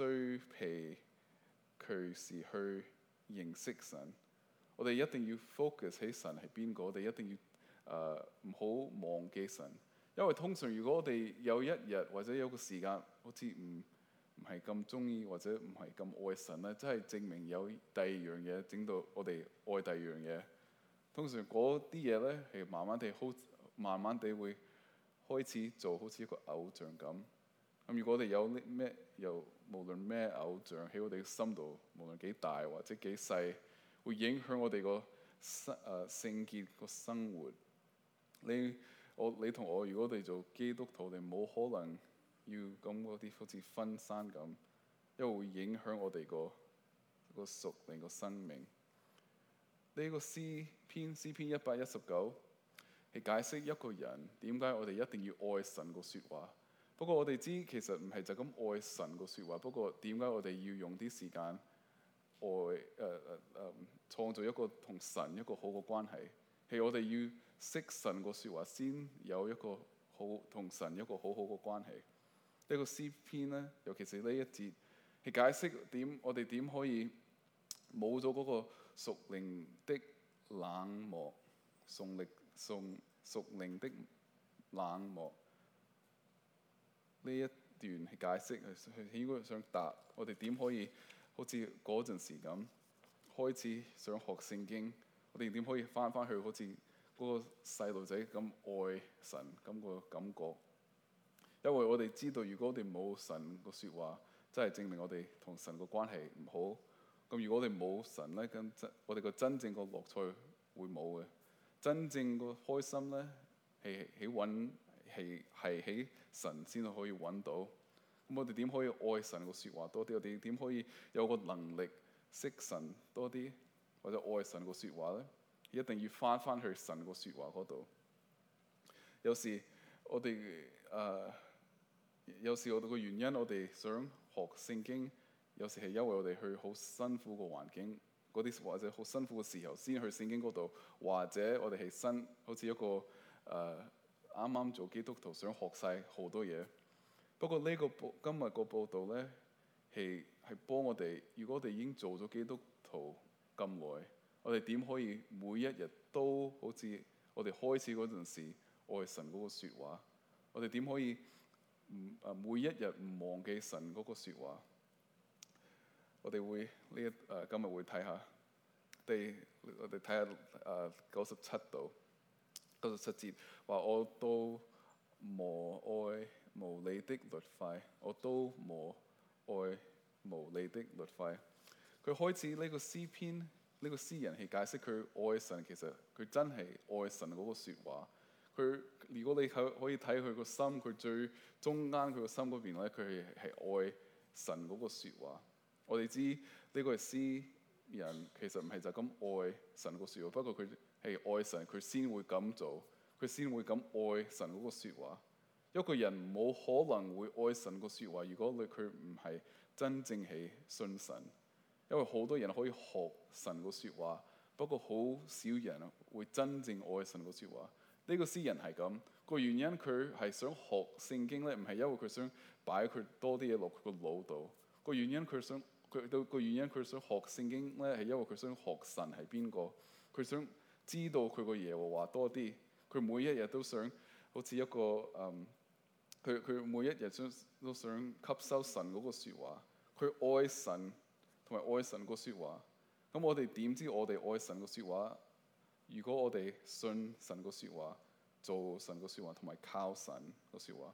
需疲，佢時去認識神。我哋一定要 focus 喺神係邊個，我哋一定要誒唔好忘記神。因為通常如果我哋有一日或者有個時間好似唔唔係咁鍾意或者唔係咁愛神咧，即係證明有第二樣嘢整到我哋愛第二樣嘢。通常嗰啲嘢咧係慢慢地好，慢慢地會開始做好似一個偶像咁。咁如果我哋有啲咩又無論咩偶像喺我哋嘅心度，無論幾大或者幾細，會影響我哋個誒聖潔個生活。你我你同我，如果我哋做基督徒，我哋冇可能要咁嗰啲好似分山咁，因為會影響我哋個個屬靈個生命。呢個詩篇詩篇一百一十九係解釋一個人點解我哋一定要愛神個說話。不過我哋知其實唔係就咁愛神個説話，不過點解我哋要用啲時間愛誒誒誒，創造一個同神一個好嘅關係，係我哋要識神個説話先有一個好同神一個好好嘅關係。一，這個詩篇咧，尤其是呢一節，係解釋點我哋點可以冇咗嗰個屬靈的冷漠，送送屬靈的冷漠。呢一段係解釋，係應該想答我哋點可以好似嗰陣時咁開始想學聖經？我哋點可以返返去好似嗰個細路仔咁愛神咁個感覺？因為我哋知道，如果我哋冇神個説話，真係證明我哋同神個關係唔好。咁如果我哋冇神咧，咁我哋個真正個樂趣會冇嘅。真正個開心咧係喺揾。係係喺神先可以揾到，咁我哋點可以愛神個說話多啲？我哋點可以有個能力識神多啲，或者愛神個說話咧？一定要返返去神個說話嗰度。有時我哋誒、呃，有時我哋個原因，我哋想學聖經。有時係因為我哋去好辛苦個環境，嗰啲或者好辛苦嘅時候，先去聖經嗰度，或者我哋係身好似一個誒。呃啱啱做基督徒想學晒好多嘢，不過呢、呢個報今日個報道咧係係幫我哋。如果我哋已經做咗基督徒咁耐，我哋點可以每一日都好似我哋開始嗰陣時愛神嗰個説話？我哋點可以唔啊每一日唔忘記神嗰個説話？我哋會呢、呃、一誒今日會睇下，第我哋睇下誒九十七度。第九十七節話：我都無愛無理的律法，我都無愛無理的律法。佢開始呢個詩篇，呢、這個詩人係解釋佢愛神，其實佢真係愛神嗰個説話。佢如果你喺可以睇佢個心，佢最中間佢個心嗰邊咧，佢係係愛神嗰個説話。我哋知呢個係詩人，其實唔係就咁愛神個説話，不過佢。誒、hey, 愛神佢先會咁做，佢先會咁愛神嗰個説話。一個人冇可能會愛神個説話，如果你佢唔係真正係信神。因為好多人可以學神個説話，不過好少人會真正愛神個説話。呢個詩人係咁個原因，佢係想學聖經咧，唔係因為佢想擺佢多啲嘢落佢個腦度。個原因佢想佢到個原因佢想學聖經咧，係因為佢想學神係邊個，佢想。知道佢個耶和華多啲，佢每一日都想好似一個嗯，佢佢每一日都想都想吸收神嗰個説話。佢愛神同埋愛神個説話。咁我哋點知我哋愛神個説話？如果我哋信神個説話，做神個説話，同埋靠神個説話，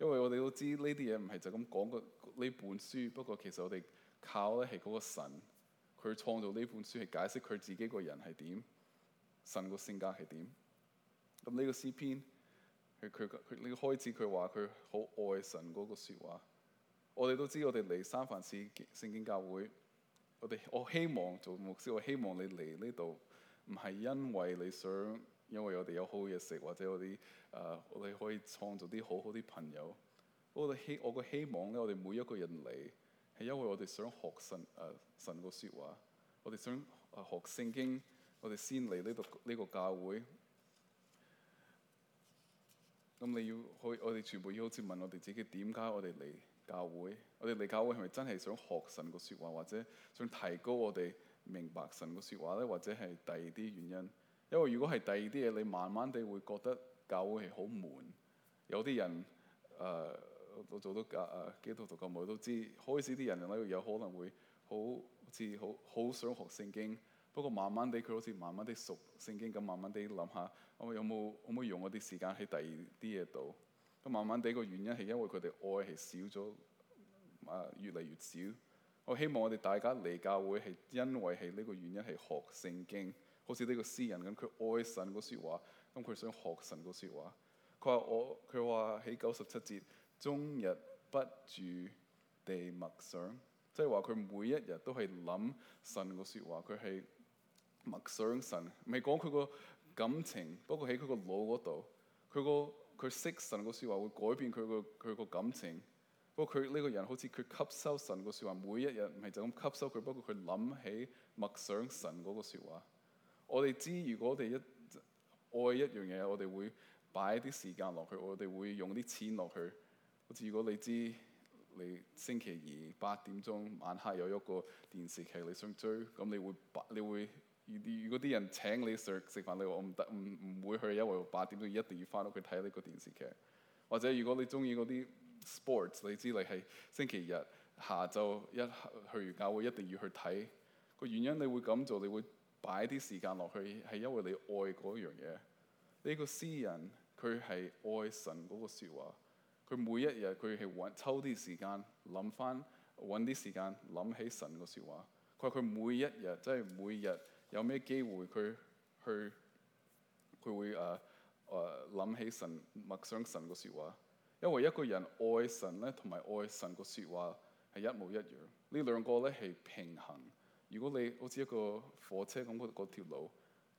因為我哋都知呢啲嘢唔係就咁講個呢本書。不過其實我哋靠嘅係嗰個神，佢創造呢本書係解釋佢自己個人係點？神個性格係點？咁呢個詩篇，佢佢佢呢個開始佢話佢好愛神嗰個説話。我哋都知，我哋嚟三藩市聖經教會，我哋我希望做牧師，我希望你嚟呢度，唔係因為你想，因為我哋有好嘢食，或者我哋誒、呃，我哋可以創造啲好好啲朋友。我哋希我個希望咧，我哋每一個人嚟係因為我哋想學神誒、呃、神個説話，我哋想、呃、學聖經。我哋先嚟呢度呢個教會，咁你要去，我哋全部要好似問我哋自己，點解我哋嚟教會？我哋嚟教會係咪真係想學神個説話，或者想提高我哋明白神個説話咧？或者係第二啲原因？因為如果係第二啲嘢，你慢慢地會覺得教會係好悶。有啲人誒、呃，我做咗教誒基督徒教會我都知，開始啲人咧有可能會好似好好想學聖經。不過慢慢地，佢好似慢慢地熟聖經咁，慢慢地諗下，我有冇有冇用我啲時間喺第二啲嘢度？咁慢慢地，個原因係因為佢哋愛係少咗，啊越嚟越少。我希望我哋大家嚟教會係因為係呢個原因係學聖經，好似呢個詩人咁，佢愛神個説話，咁佢想學神個説話。佢話我佢話喺九十七節，終日不住地默想。即係話佢每一日都係諗神個説話，佢係。默想神，唔係講佢個感情，不過喺佢個腦嗰度，佢個佢識神個説話會改變佢個佢個感情。不過佢呢個人好似佢吸收神個説話，每一日唔係就咁吸收佢，不過佢諗起默想神嗰個説話。我哋知，如果我哋一愛一樣嘢，我哋會擺啲時間落去，我哋會用啲錢落去。好似如果你知，你星期二八點鐘晚黑有一個電視劇你想追，咁你會你會。你會如果啲人請你食食飯，你話我唔得唔唔會去，因為我八點都一定要翻屋企睇呢個電視劇。或者如果你中意嗰啲 sports，你知你係星期日下晝一去完教會一定要去睇。個原因，你會咁做，你會擺啲時間落去，係因為你愛嗰樣嘢。呢個詩人佢係愛神嗰個説話，佢每一日佢係揾抽啲時間諗翻揾啲時間諗起神個説話。佢話佢每一日即係每日。有咩機會佢去佢會誒誒諗起神默想神個説話，因為一個人愛神咧，同埋愛神個説話係一模一樣。兩呢兩個咧係平衡。如果你好似一個火車咁嗰條路，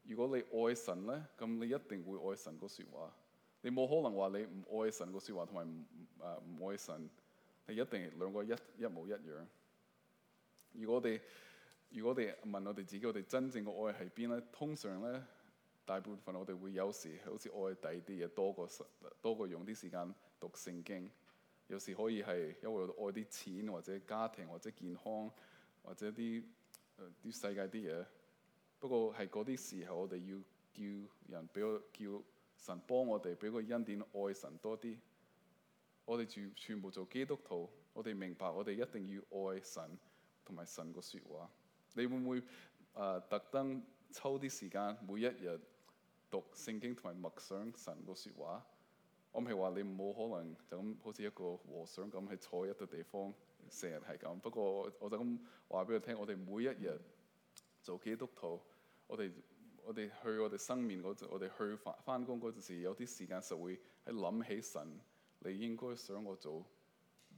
如果你愛神咧，咁你一定會愛神個説話。你冇可能話你唔愛神個説話同埋唔誒唔愛神，你一定兩個一一模一樣。如果我哋。如果我哋問我哋自己，我哋真正嘅愛喺邊咧？通常咧，大部分我哋會有時好似愛第啲嘢多過神多過用啲時間讀聖經，有時可以係因為我哋愛啲錢或者家庭或者健康或者啲啲、呃、世界啲嘢。不過喺嗰啲時候，我哋要叫人俾我，叫神幫我哋俾個恩典，愛神多啲。我哋全全部做基督徒，我哋明白我哋一定要愛神同埋神個説話。你會唔會誒、呃、特登抽啲時間，每一日讀聖經同埋默想神個説話？我唔係話你唔好可能就咁好似一個和尚咁係坐一個地方成日係咁。不過我就咁話俾佢聽，我哋每一日做基督徒，我哋我哋去我哋生面嗰陣，我哋去返返工嗰陣時，有啲時間就會喺諗起神，你應該想我做誒、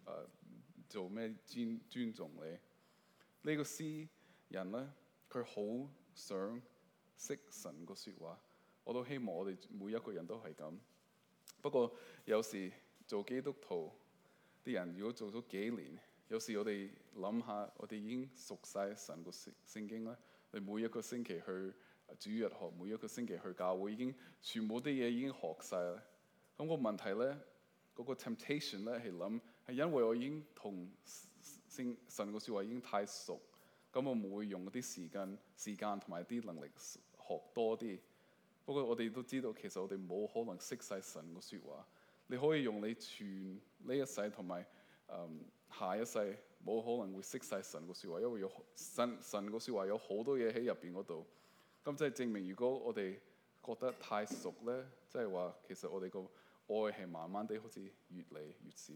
呃、做咩尊尊重你？呢、呢個詩。人咧，佢好想識神個說話，我都希望我哋每一個人都係咁。不過有時做基督徒啲人，如果做咗幾年，有時我哋諗下，我哋已經熟晒神個聖聖經咧。你每一個星期去主日學，每一個星期去教會，已經全部啲嘢已經學晒啦，咁個問題咧，嗰個 temptation 咧係諗係因為我已經同聖神個說話已經太熟。咁我唔會用嗰啲時間、時間同埋啲能力學多啲。不過我哋都知道，其實我哋冇可能識晒神個説話。你可以用你全呢一世同埋下一世，冇可能會識晒神個説話，因為有神神個説話有好多嘢喺入邊嗰度。咁即係證明，如果我哋覺得太熟呢，即係話其實我哋個愛係慢慢地好似越嚟越少。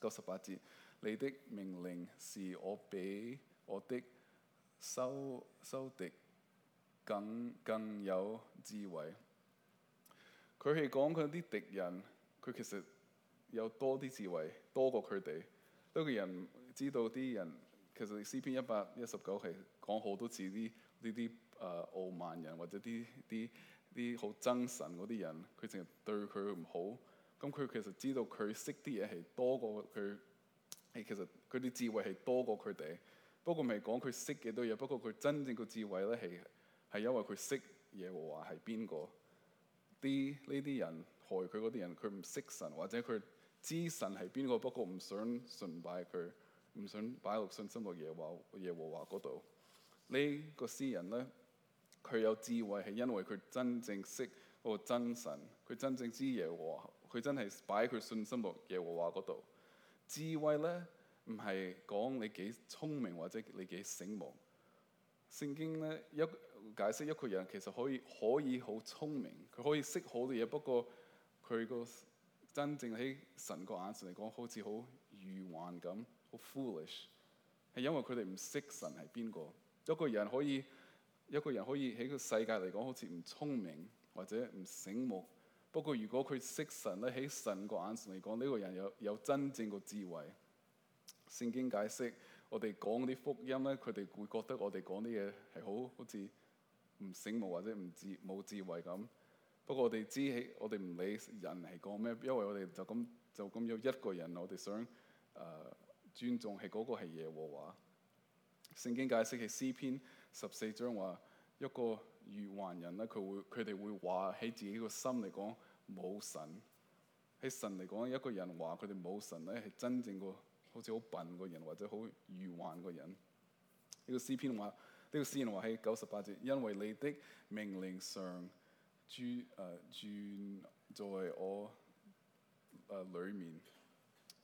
九十八節，你的命令是我俾。我的仇仇敵更更有智慧。佢係講佢啲敵人，佢其實有多啲智慧多過佢哋。多個人知道啲人，其實詩篇一百一十九係講好多次啲呢啲誒傲慢人或者啲啲啲好憎神嗰啲人，佢淨係對佢唔好。咁佢其實知道佢識啲嘢係多過佢，係其實佢啲智慧係多過佢哋。不過未講佢識幾多嘢，不過佢真正個智慧咧係係因為佢識耶和華係邊個。啲呢啲人害佢嗰啲人，佢唔識神或者佢知神係邊個，不過唔想崇拜佢，唔想擺落信心落耶和耶和華嗰度。這個、呢個詩人咧，佢有智慧係因為佢真正識個真神，佢真正知耶和華，佢真係擺佢信心落耶和華嗰度。智慧咧。唔係講你幾聰明或者你幾醒目。聖經咧一解釋一個人其實可以可以好聰明，佢可以識好多嘢。不過佢個真正喺神個眼神嚟講，好似好愚幻咁，好 foolish。係因為佢哋唔識神係邊個。一個人可以一個人可以喺個世界嚟講好似唔聰明或者唔醒目。不過如果佢識神咧，喺神個眼神嚟講，呢個人有有真正個智慧。聖經解釋，我哋講啲福音咧，佢哋會覺得我哋講啲嘢係好好似唔醒目或者唔智冇智慧咁。不過我哋知起，我哋唔理人係講咩，因為我哋就咁就咁有一個人，我哋想誒、呃、尊重係嗰個係耶和華。聖經解釋係詩篇十四章話，一個愚頑人咧，佢會佢哋會話喺自己個心嚟講冇神，喺神嚟講，一個人話佢哋冇神咧係真正個。好似好笨個人或者好愚頑個人。呢、這個詩篇話，呢、這個詩人話喺九十八節，因為你的命令常存誒存在我誒裏、呃、面。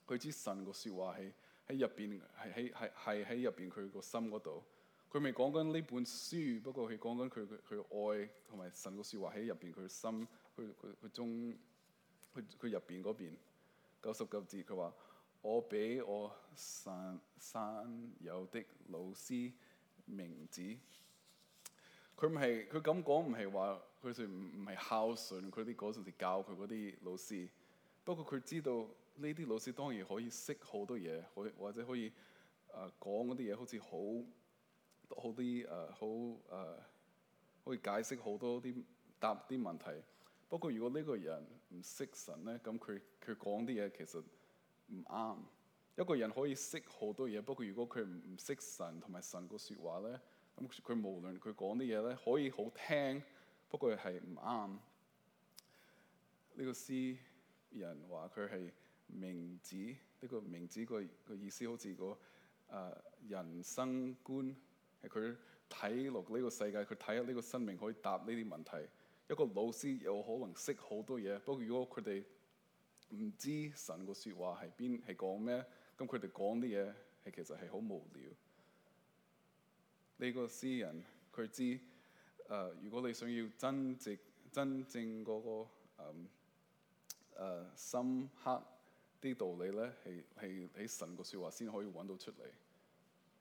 佢知神個説話係喺入邊，係喺係係喺入邊佢個心嗰度。佢未講緊呢本書，不過佢講緊佢佢愛同埋神個説話喺入邊佢心佢佢佢中佢佢入邊嗰邊。九十九節佢話。我俾我散散有的老師名字，佢唔係佢咁講，唔係話佢算唔唔係孝順佢啲嗰陣時教佢嗰啲老師，不過佢知道呢啲老師當然可以識好多嘢，可以或者可以誒、呃、講嗰啲嘢好似好、呃、好啲誒好誒可以解釋好多啲答啲問題。不過如果呢個人唔識神咧，咁佢佢講啲嘢其實。唔啱。一個人可以識好多嘢，不過如果佢唔唔識神同埋神個説話咧，咁佢無論佢講啲嘢咧，可以好聽，不過係唔啱。呢個詩人話佢係名字，呢、這個名字個個意思好似個誒、呃、人生觀，係佢睇落呢個世界，佢睇下呢個生命可以答呢啲問題。一個老師有可能識好多嘢，不過如果佢哋唔知神個説話係邊係講咩？咁佢哋講啲嘢係其實係好無聊。呢個詩人佢知，誒如果你想要真正真正嗰個誒誒深刻啲道理咧，係係喺神個説話先可以揾到出嚟。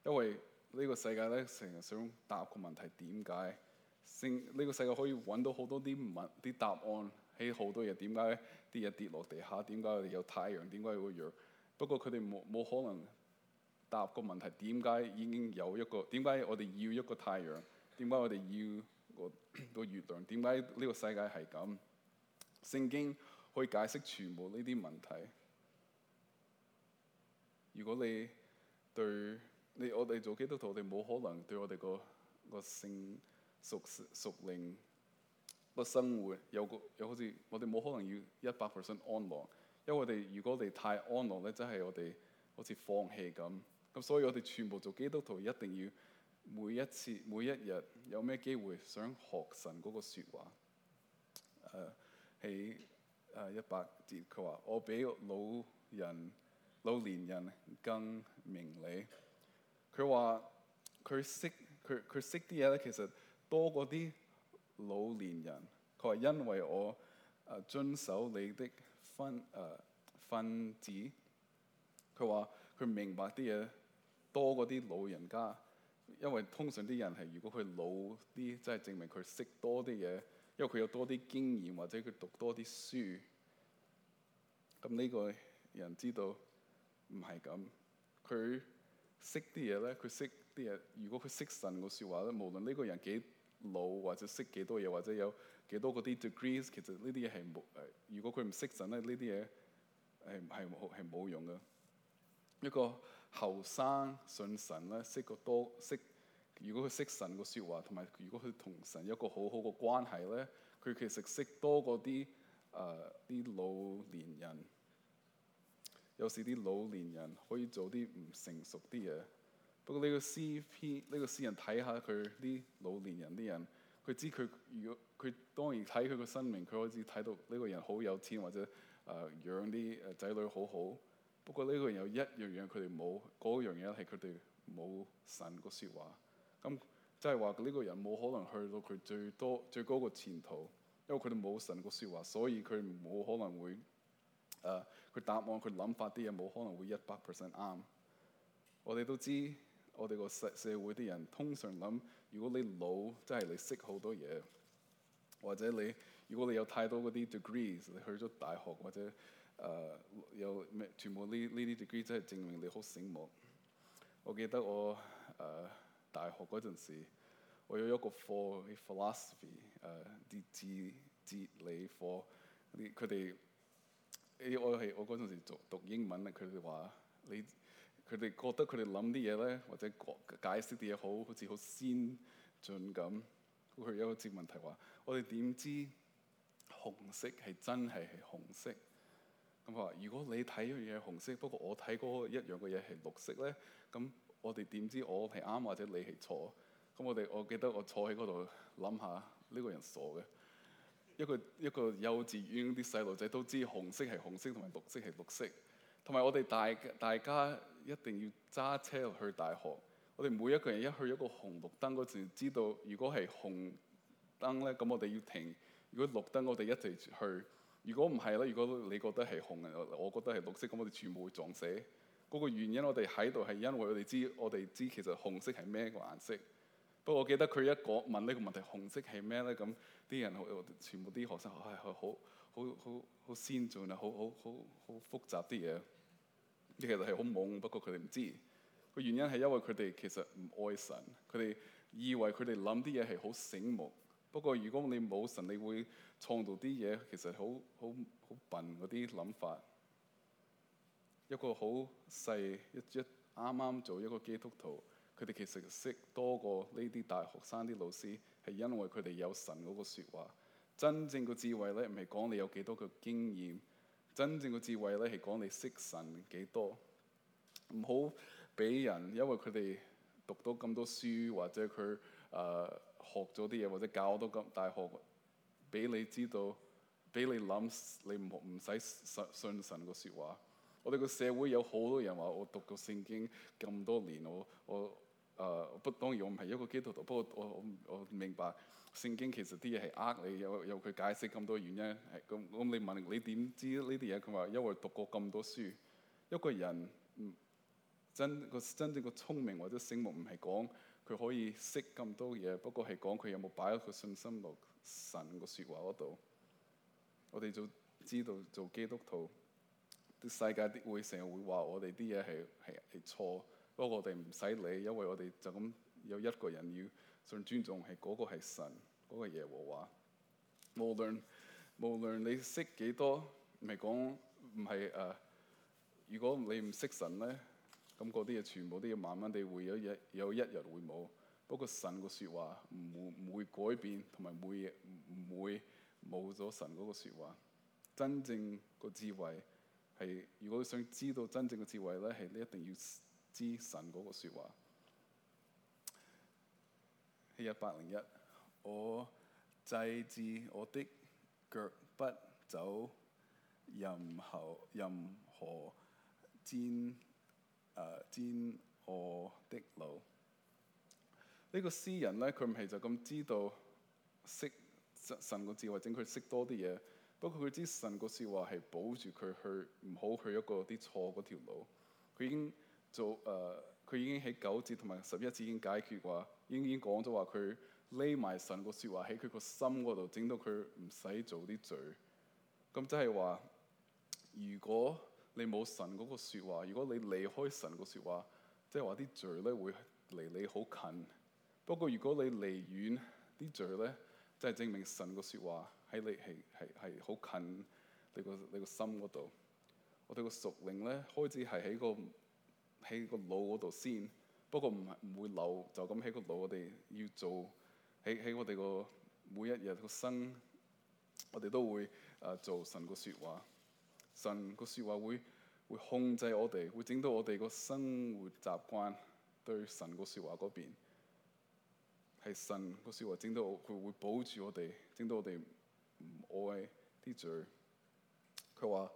因為呢個世界咧，成日想答個問題點解？聖呢個世界可以揾到好多啲問啲答案，喺好多嘢點解？啲嘢跌落地下，點解我哋有太陽？點解會弱？不過佢哋冇冇可能答個問題。點解已經有一個？點解我哋要一個太陽？點解我哋要個個月亮？點解呢個世界係咁？聖經可以解釋全部呢啲問題。如果你對你我哋做基督徒，你冇可能對我哋個個性屬屬靈。個生活有個有好似我哋冇可能要一百 percent 安樂，因為我哋如果我哋太安樂咧，真係我哋好似放棄咁。咁所以我哋全部做基督徒一定要每一次每一日有咩機會想學神嗰個説話。誒，喺誒，一百節佢話我比老人老年人更明理。佢話佢識佢佢識啲嘢咧，其實多過啲。老年人，佢話因為我誒、呃、遵守你的訓誒訓詞。佢話佢明白啲嘢多過啲老人家，因為通常啲人係如果佢老啲，即係證明佢識多啲嘢，因為佢有多啲經驗或者佢讀多啲書，咁呢個人知道唔係咁，佢識啲嘢咧，佢識啲嘢。如果佢識神嘅説話咧，無論呢個人幾。老或者識幾多嘢，或者有幾多嗰啲 degrees，其實呢啲嘢係冇誒。如果佢唔識神咧，呢啲嘢係係冇冇用嘅。一個後生信神咧，識個多識。如果佢識神個説話，同埋如果佢同神有一個好好個關係咧，佢其實識多過啲誒啲老年人。有時啲老年人可以做啲唔成熟啲嘢。不過呢個詩篇，呢個詩人睇下佢啲老年人啲人，佢知佢如果佢當然睇佢個生命，佢可以睇到呢個人好有錢或者誒養啲誒仔女好好。不過呢個人有一樣嘢佢哋冇，嗰樣嘢係佢哋冇神個説話。咁即係話呢個人冇可能去到佢最多最高個前途，因為佢哋冇神個説話，所以佢冇可能會誒佢、呃、答案佢諗法啲嘢冇可能會一百 percent 啱。我哋都知。我哋個社社會啲人通常諗，如果你老即係你識好多嘢，或者你如果你有太多嗰啲 degrees，你去咗大學或者誒、呃、有咩全部呢呢啲 degree，即係證明你好醒目。我記得我誒、呃、大學嗰陣時，我有一個課係 philosophy，誒啲哲哲理課，佢哋誒我係我嗰陣時讀讀英文啊，佢哋話你。佢哋覺得佢哋諗啲嘢咧，或者解解釋啲嘢，好好似好先進咁。佢有一節問題話：我哋點知紅色係真係係紅色？咁話如果你睇樣嘢係紅色，不過我睇嗰一樣嘅嘢係綠色咧，咁我哋點知我係啱或者你係錯？咁我哋我記得我坐喺嗰度諗下呢個人傻嘅，一個一個幼稚園啲細路仔都知紅色係紅色，同埋綠色係綠色，同埋我哋大大家。一定要揸車去大學。我哋每一個人一去一個紅綠燈嗰時，知道如果係紅燈咧，咁我哋要停；如果綠燈，我哋一直去。如果唔係咧，如果你覺得係紅嘅，我覺得係綠，綠色，咁我哋全部會撞死。嗰、那個原因，我哋喺度係因為我哋知，我哋知其實紅色係咩個顏色。不過我記得佢一講問呢個問題，紅色係咩咧？咁啲人全部啲學生，唉，係好好好好好先進啊，好好好好，好，好，好複雜啲嘢。你其實係好懵，不過佢哋唔知。個原因係因為佢哋其實唔愛神，佢哋以為佢哋諗啲嘢係好醒目。不過如果你冇神，你會創造啲嘢，其實好好好笨嗰啲諗法。一個好細一一啱啱做一個基督徒，佢哋其實識多過呢啲大學生啲老師，係因為佢哋有神嗰個説話。真正嘅智慧咧，唔係講你有幾多個經驗。真正嘅智慧咧係講你識神幾多，唔好俾人，因為佢哋讀到咁多書，或者佢誒、呃、學咗啲嘢，或者教到咁大學，俾你知道，俾你諗，你唔唔使信信神嘅説話。我哋個社會有好多人話我讀過聖經咁多年，我我誒、呃、不當然我唔係一個基督徒，不過我我，我明白。聖經其實啲嘢係呃你，有有佢解釋咁多原因。係咁咁你問你點知呢啲嘢？佢話因為讀過咁多書，一個人唔真個真正個聰明或者醒目唔係講佢可以識咁多嘢，不過係講佢有冇擺喺個信心度神個説話嗰度。我哋就知道做基督徒，啲世界啲會成日會話我哋啲嘢係係係錯，不過我哋唔使理，因為我哋就咁有一個人要。最尊重係嗰個係神，嗰個耶和華。無論無論你識幾多，唔係講唔係誒。Uh, 如果你唔識神咧，咁嗰啲嘢全部都要慢慢地會有一有一日會冇。不過神個説話唔會，唔會改變，同埋唔會冇咗神嗰個説話。真正個智慧係，如果你想知道真正嘅智慧咧，係你一定要知神嗰個説話。喺一百零一，01，我制止我的腳不走任何任何尖啊、呃、尖我的路。個詩呢個詩人咧，佢唔係就咁知道識神個智慧，或者佢識多啲嘢。不過佢知神個說話係保住佢去唔好去一個啲錯嗰條路。佢已經做誒，佢、呃、已經喺九節同埋十一節已經解決過。已經講咗話佢匿埋神個説話喺佢個心嗰度，整到佢唔使做啲罪。咁即係話，如果你冇神嗰個説話，如果你離開神個説話，即係話啲罪咧會離你好近。不過如果你離遠，啲罪咧即係證明神個説話喺你係係係好近你個你個心嗰度。我哋個屬靈咧開始係喺個喺個腦嗰度先。不過唔唔會留，就咁喺嗰度。我哋要做喺喺我哋個每一日個生，我哋都會誒、啊、做神個説話。神個説話會會控制我哋，會整到我哋個生活習慣對神個説話嗰邊，係神個説話整到佢會保住我哋，整到我哋唔愛啲罪。佢話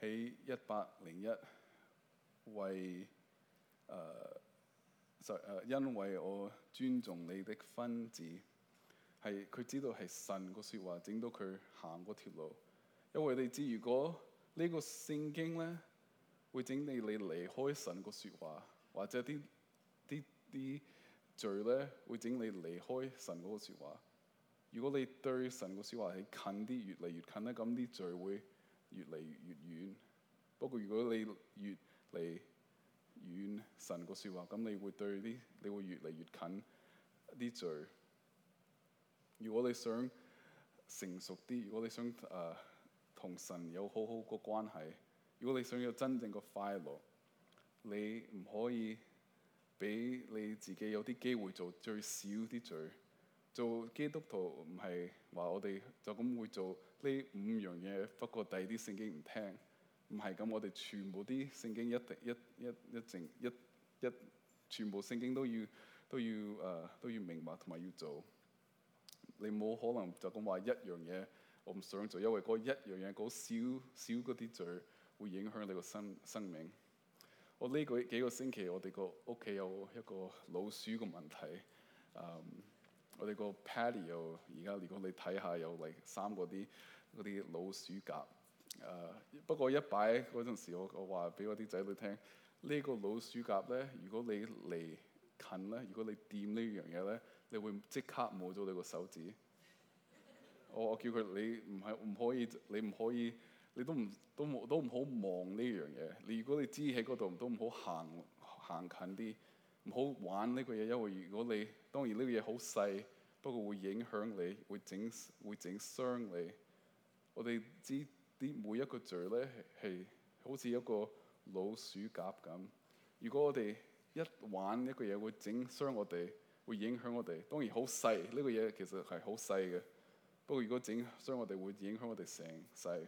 喺一百零一為誒。呃因為我尊重你的訓詞，係佢知道係神個説話整到佢行嗰條路。因為你知，如果呢個聖經呢會整你你離開神個説話，或者啲啲啲罪呢會整你離開神嗰個説話。如果你對神個説話係近啲，越嚟越近呢，咁啲罪會越嚟越遠。不過如果你越嚟遠神個說話，咁你會對啲你會越嚟越近啲罪。如果你想成熟啲，如果你想誒同、uh, 神有好好個關係，如果你想有真正個快樂，你唔可以俾你自己有啲機會做最少啲罪。做基督徒唔係話我哋就咁會做呢五樣嘢，不過第二啲聖經唔聽。唔係咁，我哋全部啲聖經一定一一一成一一全部聖經都要都要誒、呃、都要明白同埋要做。你冇可能就咁話一樣嘢我唔想做，因為嗰一樣嘢嗰少少嗰啲罪會影響你個生生命。我呢個幾個星期我哋個屋企有一個老鼠嘅問題，誒、嗯，我哋個 patio 而家如果你睇下有嚟三個啲嗰啲老鼠夾誒。呃不過一擺嗰陣時，我我話俾我啲仔女聽，呢個老鼠夾咧，如果你嚟近咧，如果你掂呢樣嘢咧，你會即刻冇咗你個手指。我我叫佢你唔係唔可以，你唔可以，你都唔都冇都唔好望呢樣嘢。你如果你知喺嗰度，都唔好行行近啲，唔好玩呢個嘢，因為如果你，當然呢個嘢好細，不過會影響你，會整會整傷你。我哋知。啲每一個罪咧係好似一個老鼠夾咁。如果我哋一玩一個嘢，會整傷我哋，會影響我哋。當然好細呢、呢個嘢其實係好細嘅，不過如果整傷我哋，會影響我哋成世。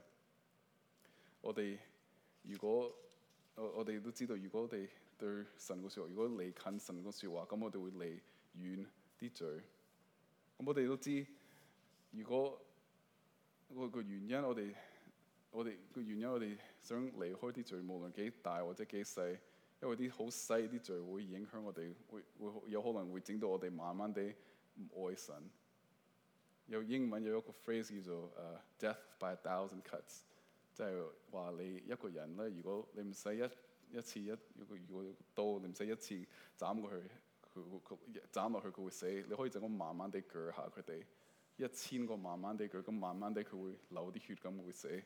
我哋如果我我哋都知道，如果我哋對神嘅説話，如果離近神嘅説話，咁我哋會離遠啲罪。咁我哋都知，如果個個原因我哋。我哋個原因，我哋想離開啲罪，無論幾大或者幾細，因為啲好細啲罪會影響我哋，會會有可能會整到我哋慢慢地唔愛神。有英文有一個 phrase 叫做、uh, death by a thousand cuts，即係話你一個人咧，如果你唔使一一次一,一，次一如果如果刀，你唔使一次斬過去佢佢斬落去佢會死。你可以就咁慢慢地鋸下佢哋一千個慢慢地鋸，咁慢慢地佢會流啲血咁會死。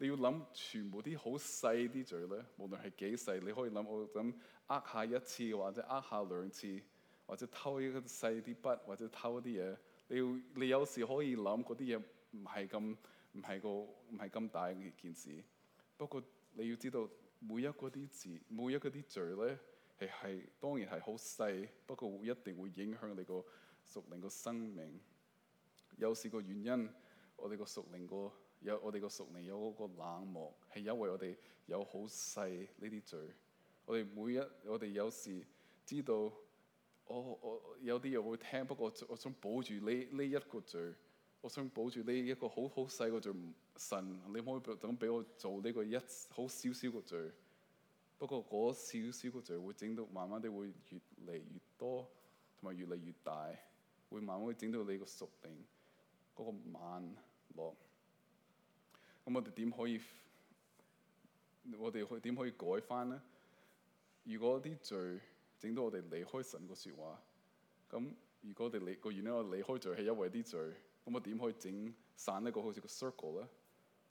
你要諗全部啲好細啲罪咧，無論係幾細，你可以諗我咁呃下一次或者呃下兩次，或者偷一個細啲筆或者偷一啲嘢。你要你有時可以諗嗰啲嘢唔係咁唔係個唔係咁大件事。不過你要知道，每一嗰啲字，每一嗰啲罪咧，係係當然係好細，不過一定會影響你個屬靈個生命。有時個原因，我哋個屬靈個。有我哋個屬靈有嗰個冷漠，係因為我哋有好細呢啲罪。我哋每一我哋有時知道，哦、我有我有啲嘢會聽，不過我想保住呢呢一個罪，我想保住呢一個好好細個罪。神，你可以就咁俾我做呢個一好少少個罪，不過嗰少少個罪會整到慢慢地會越嚟越多，同埋越嚟越大，會慢慢整到你屬、嗰個屬靈嗰個冷漠。咁、嗯、我哋點可以？我哋去點可以改翻咧？如果啲罪整到我哋離開神個説話，咁、嗯、如果我哋離，原來我離開罪係因為啲罪，咁、嗯、我點可以整散一個好似個 circle 咧？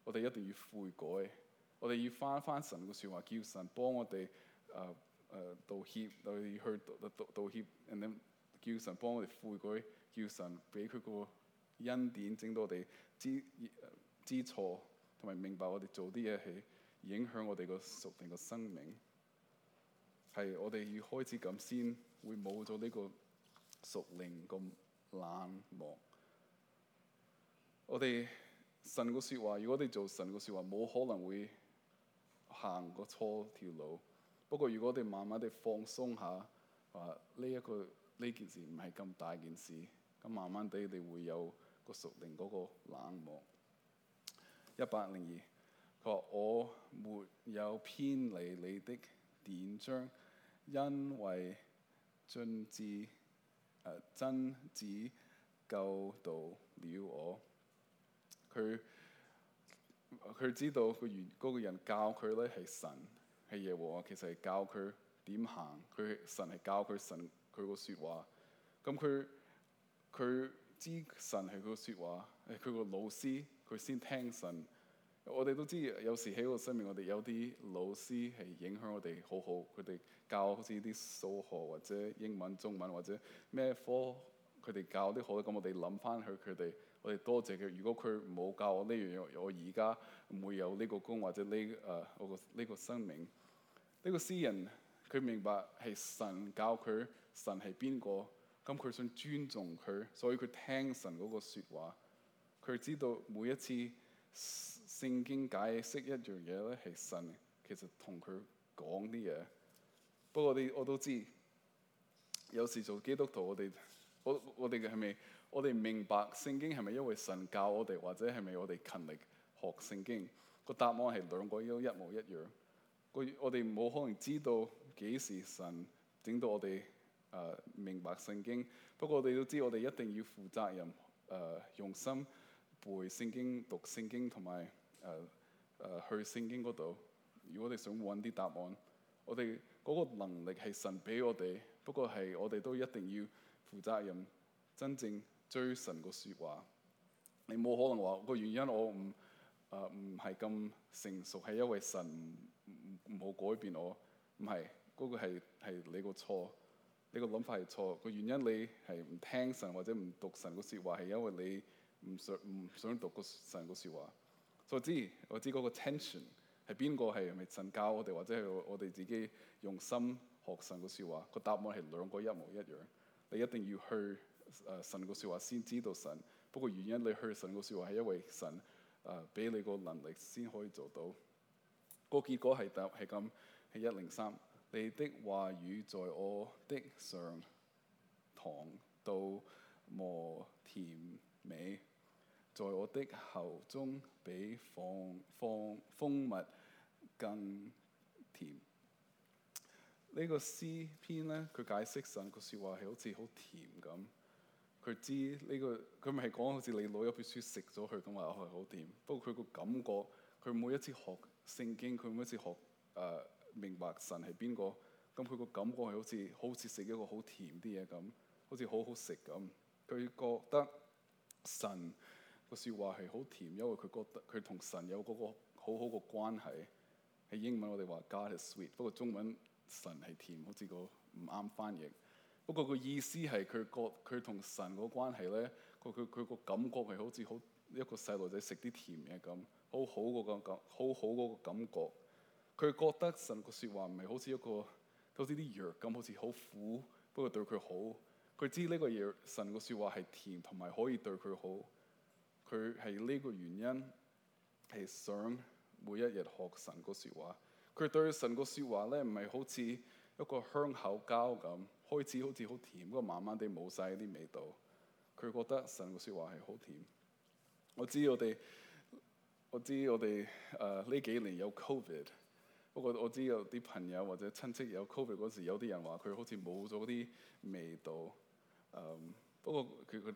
我哋一定要悔改，我哋要翻翻神個説話，叫神幫我哋誒誒道歉，我哋去誒道，道，道歉，人哋叫神幫我哋悔改，叫神俾佢個恩典，整到我哋知知錯。同埋明白我哋做啲嘢係影響我哋個屬靈個生命，係我哋要開始咁先會冇咗呢個屬靈咁冷漠。我哋神個說話，如果我哋做神個說話，冇可能會行個錯條路。不過如果我哋慢慢地放鬆下，話，呢一個呢件事唔係咁大件事，咁慢慢地你會有個屬靈嗰個冷漠。一百零二，佢話：我沒有偏離你的典章，因為進至誒真子救到了我。佢，佢知道個原嗰個人教佢咧係神、係耶和華，其實係教佢點行。佢神係教佢神佢個説話。咁，佢，佢知神係佢個説話，係佢個老師。佢先聽神。我哋都知有時喺個生命，我哋有啲老師係影響我哋好好。佢哋教好似啲數學或者英文、中文或者咩科，佢哋教啲好。咁我哋諗翻佢，佢哋我哋多謝佢。如果佢冇教我呢樣嘢，我而家唔會有呢個功，或者呢誒我個呢個生命。呢個詩人佢明白係神教佢，神係邊個？咁佢想尊重佢，所以佢聽神嗰個説話。佢知道每一次聖經解釋一樣嘢咧，係神其實同佢講啲嘢。不過我哋，我都知，有時做基督徒，我哋我我哋係咪？我哋明白聖經係咪因為神教我哋，或者係咪我哋勤力學聖經？個答案係兩個都一模一樣。個、我我哋冇可能知道幾時神整到我哋誒、呃、明白聖經。不過我哋都知，我哋一定要負責任誒、呃，用心。背聖經、讀聖經同埋誒誒去聖經嗰度，如果我哋想揾啲答案，我哋嗰個能力係神俾我哋，不過係我哋都一定要負責任，真正追神個説話。你冇可能話個原因我唔誒唔係咁成熟，係因為神唔好改變我，唔係嗰個，係你個錯，你個諗法係錯。個原因你係唔聽神或者唔讀神個説話，係因為你。唔想唔想讀個神個說話所以，我知我知嗰個 tension 係邊個係咪神教我哋，或者係我哋自己用心學神個說話。個答案係兩個一模一樣。你一定要去誒神個說話先知道神。不過原因你去神個說話係因為神誒俾你個能力先可以做到。個結果係答，係咁係一零三。你的話語在我的上堂都磨甜美。在我的喉中，比放放蜂蜜更甜。呢、這個詩篇咧，佢解釋神說、這個説話係好似好甜咁。佢知呢個佢咪係講好似你攞一本書食咗佢咁啊，係好甜。不過佢個感覺，佢每一次學聖經，佢每一次學誒、呃、明白神係邊個，咁佢個感覺係好似好似食一個好甜啲嘢咁，好似好好食咁。佢覺得神。個説話係好甜，因為佢覺得佢同神有嗰個好好個關係。喺英文我哋話 God is sweet，不過中文神係甜，好似個唔啱翻譯。不過個意思係佢覺佢同神個關係咧，佢佢佢個感覺係好似好一個細路仔食啲甜嘢咁，好好個感，好好嗰感，感覺。佢覺得神個説話唔係好似一個好似啲藥咁，好似好苦，不過對佢好。佢知呢個嘢神個説話係甜，同埋可以對佢好。佢係呢個原因係想每一日學神個説話。佢對神個説話咧，唔係好似一個香口膠咁，開始好似好甜，不過慢慢地冇晒啲味道。佢覺得神個説話係好甜。我知我哋，我知我哋誒呢幾年有 COVID，不過我知有啲朋友或者親戚有 COVID 嗰時，有啲人話佢好似冇咗啲味道，誒、嗯。不過佢佢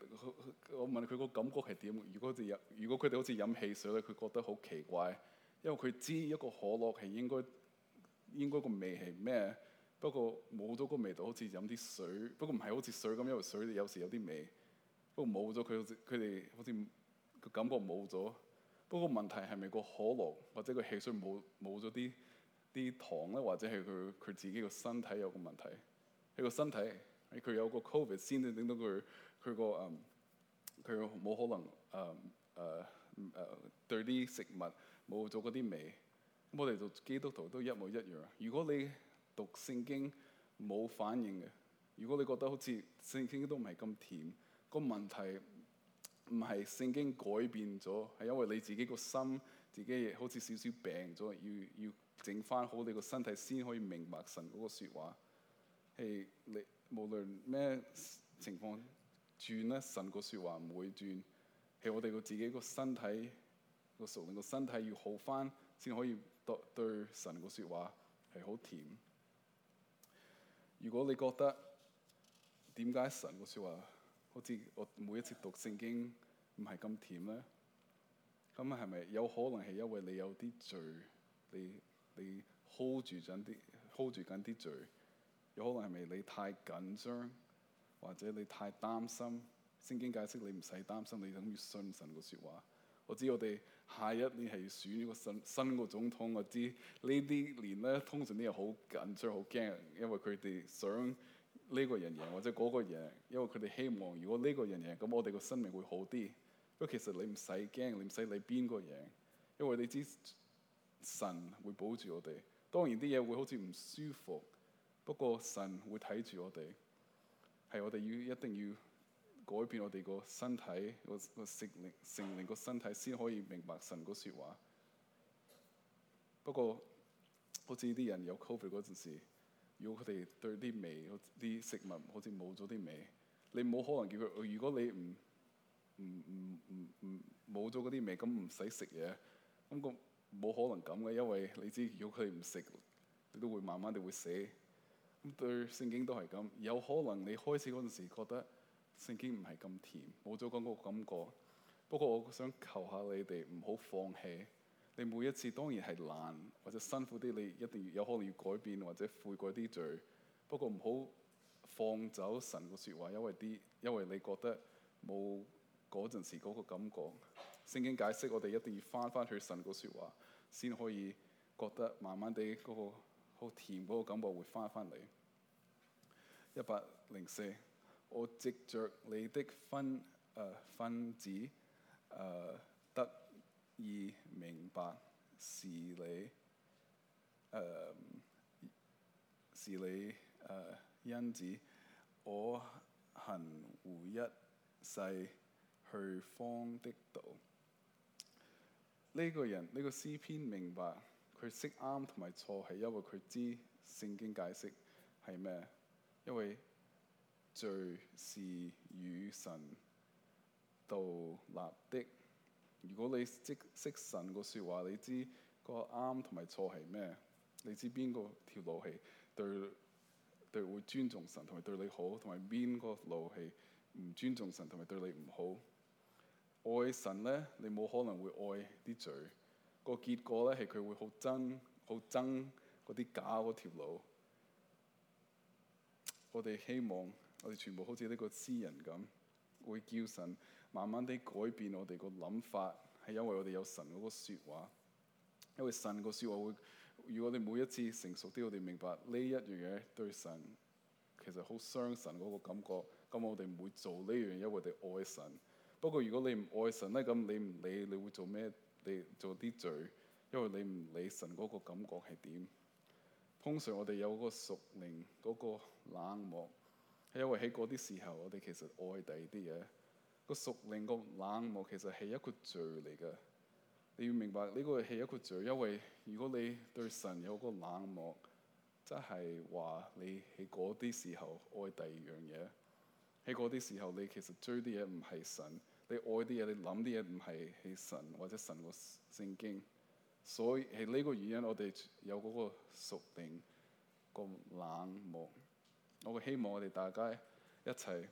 我問佢個感覺係點？如果好似飲，如果佢哋好似飲汽水咧，佢覺得好奇怪，因為佢知一個可樂係應該應該個味係咩，不過冇咗個味道好似飲啲水，不過唔係好似水咁，因為水有時有啲味，不過冇咗佢佢哋好似個感覺冇咗。不過問題係咪個可樂或者個汽水冇冇咗啲啲糖咧，或者係佢佢自己個身體有個問題？佢個身體。佢有個 covid 先，令到佢佢個誒佢冇可能誒誒誒對啲食物冇咗嗰啲味。我哋做基督徒都一模一樣。如果你讀聖經冇反應嘅，如果你覺得好似聖經都唔係咁甜，個問題唔係聖經改變咗，係因為你自己個心自己好似少少病咗，要要整翻好你個身體先可以明白神嗰個説話。係你。無論咩情況轉咧，神個説話唔會轉，係我哋個自己個身體個屬靈個身體要好翻，先可以對對神個説話係好甜。如果你覺得點解神個説話好似我每一次讀聖經唔係咁甜咧，咁係咪有可能係因為你有啲罪，你你 hold 住緊啲 hold 住緊啲罪？有可能係咪你太緊張，或者你太擔心？聖經解釋你唔使擔心，你等於信神個説話。我知我哋下一年係選呢個新新個總統，我知呢啲年咧通常啲人好緊張、好驚，因為佢哋想呢個人贏或者嗰個人贏，因為佢哋希望如果呢個人贏，咁我哋個生命會好啲。不過其實你唔使驚，你唔使理邊個贏，因為你知神會保住我哋。當然啲嘢會好似唔舒服。不過神會睇住我哋，係我哋要一定要改變我哋個身體個個食力，成靈個身體先可以明白神個説話。不過好似啲人有 Covid 嗰陣時，如果佢哋對啲味、啲食物好似冇咗啲味，你冇可能叫佢。如果你唔唔唔唔冇咗嗰啲味，咁唔使食嘢，咁個冇可能咁嘅，因為你知，如果佢哋唔食，你都會慢慢地會死。對聖經都係咁，有可能你開始嗰陣時覺得聖經唔係咁甜，冇咗嗰個感覺。不過我想求下你哋唔好放棄。你每一次當然係難或者辛苦啲，你一定要有可能要改變或者悔過啲罪。不過唔好放走神個説話，因為啲因為你覺得冇嗰陣時嗰個感覺。聖經解釋我哋一定要返返去神個説話，先可以覺得慢慢地嗰個。好甜嗰個感覺會翻返嚟。一百零四，我藉着你的訓、呃、訓詞、呃、得以明白事理、呃、事理、呃、因此，我恨惡一切虛謊的道呢、呢個人呢、呢個詩篇明白。佢識啱同埋錯係，因為佢知聖經解釋係咩。因為罪是與神對立的。如果你識識神個説話，你知個啱同埋錯係咩？你知邊個條路係對對會尊重神，同埋對你好，同埋邊個路係唔尊重神，同埋對你唔好。愛神咧，你冇可能會愛啲罪。個結果咧係佢會好憎，好憎嗰啲假嗰條路。我哋希望我哋全部好似呢個詩人咁，會叫神慢慢啲改變我哋個諗法，係因為我哋有神嗰個説話，因為神個説話會，如果你每一次成熟啲，我哋明白呢一樣嘢對神其實好傷神嗰個感覺，咁我哋唔會做呢樣嘢，我哋愛神。不過如果你唔愛神咧，咁你唔理會你會做咩？你做啲罪，因為你唔理神嗰個感覺係點。通常我哋有個屬靈嗰個冷漠，係因為喺嗰啲時候我哋其實愛第二啲嘢。個屬靈個冷漠其實係一個罪嚟嘅。你要明白呢個係一個罪，因為如果你對神有個冷漠，即係話，你喺嗰啲時候愛第二樣嘢，喺嗰啲時候你其實追啲嘢唔係神。你愛啲嘢，你諗啲嘢唔係係神或者神個聖經，所以係呢個原因，我哋有嗰個熟定個冷漠。我希望我哋大家一齊，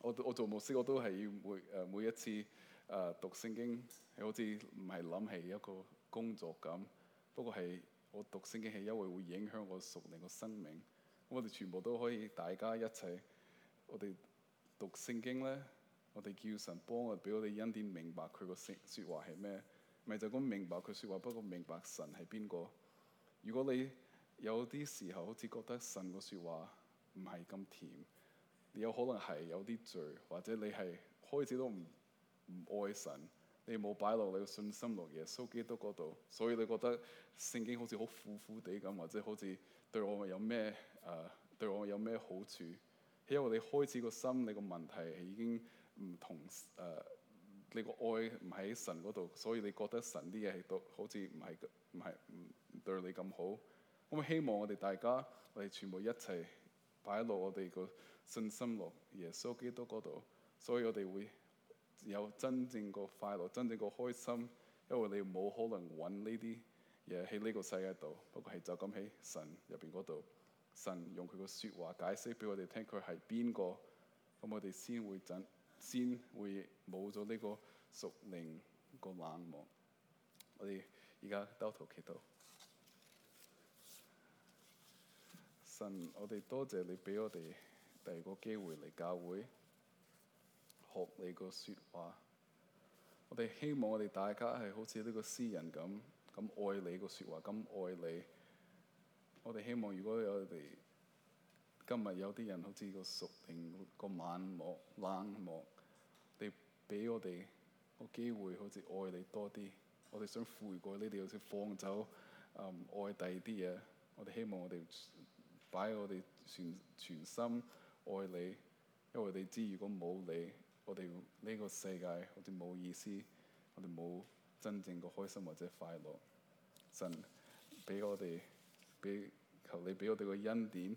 我我做牧師我都係要每誒、呃、每一次誒、呃、讀聖經係好似唔係諗起一個工作咁，不過係我讀聖經係因為會影響我熟定個生命。咁我哋全部都可以大家一齊，我哋讀聖經咧。我哋叫神幫我，俾我哋恩典，明白佢個説説話係咩？咪就咁明白佢説話，不過明白神係邊個。如果你有啲時候好似覺得神個説話唔係咁甜，你有可能係有啲罪，或者你係開始都唔唔愛神，你冇擺落你個信心落耶穌基督嗰度，所以你覺得聖經好似好苦苦地咁，或者好似對我有咩誒，呃？對我有咩好處？因為你開始個心你個問題係已經。唔同誒，你個愛唔喺神嗰度，所以你覺得神啲嘢係都好似唔係唔係唔對你咁好。咁我希望我哋大家，我哋全部一齊擺落我哋個信心落耶穌基督嗰度，所以我哋會有真正個快樂、真正個開心，因為你冇可能搵呢啲嘢喺呢個世界度，不過係就咁喺神入邊嗰度，神用佢個説話解釋俾我哋聽，佢係邊個，咁我哋先會先會冇咗呢個熟練個冷漠。我哋而家兜頭企到神，我哋多謝你俾我哋第二個機會嚟教會學你個説話。我哋希望我哋大家係好似呢個詩人咁咁愛你個説話，咁愛你。我哋希望如果有。哋。今日有啲人好似個熟定、個冷漠冷漠，你俾我哋個機會，好似愛你多啲。我哋想悔過你哋，你好似放走啊、嗯、愛第啲嘢。我哋希望我哋擺我哋全全心愛你，因為我哋知如果冇你，我哋呢個世界好似冇意思，我哋冇真正個開心或者快樂。神俾我哋俾求你俾我哋個恩典。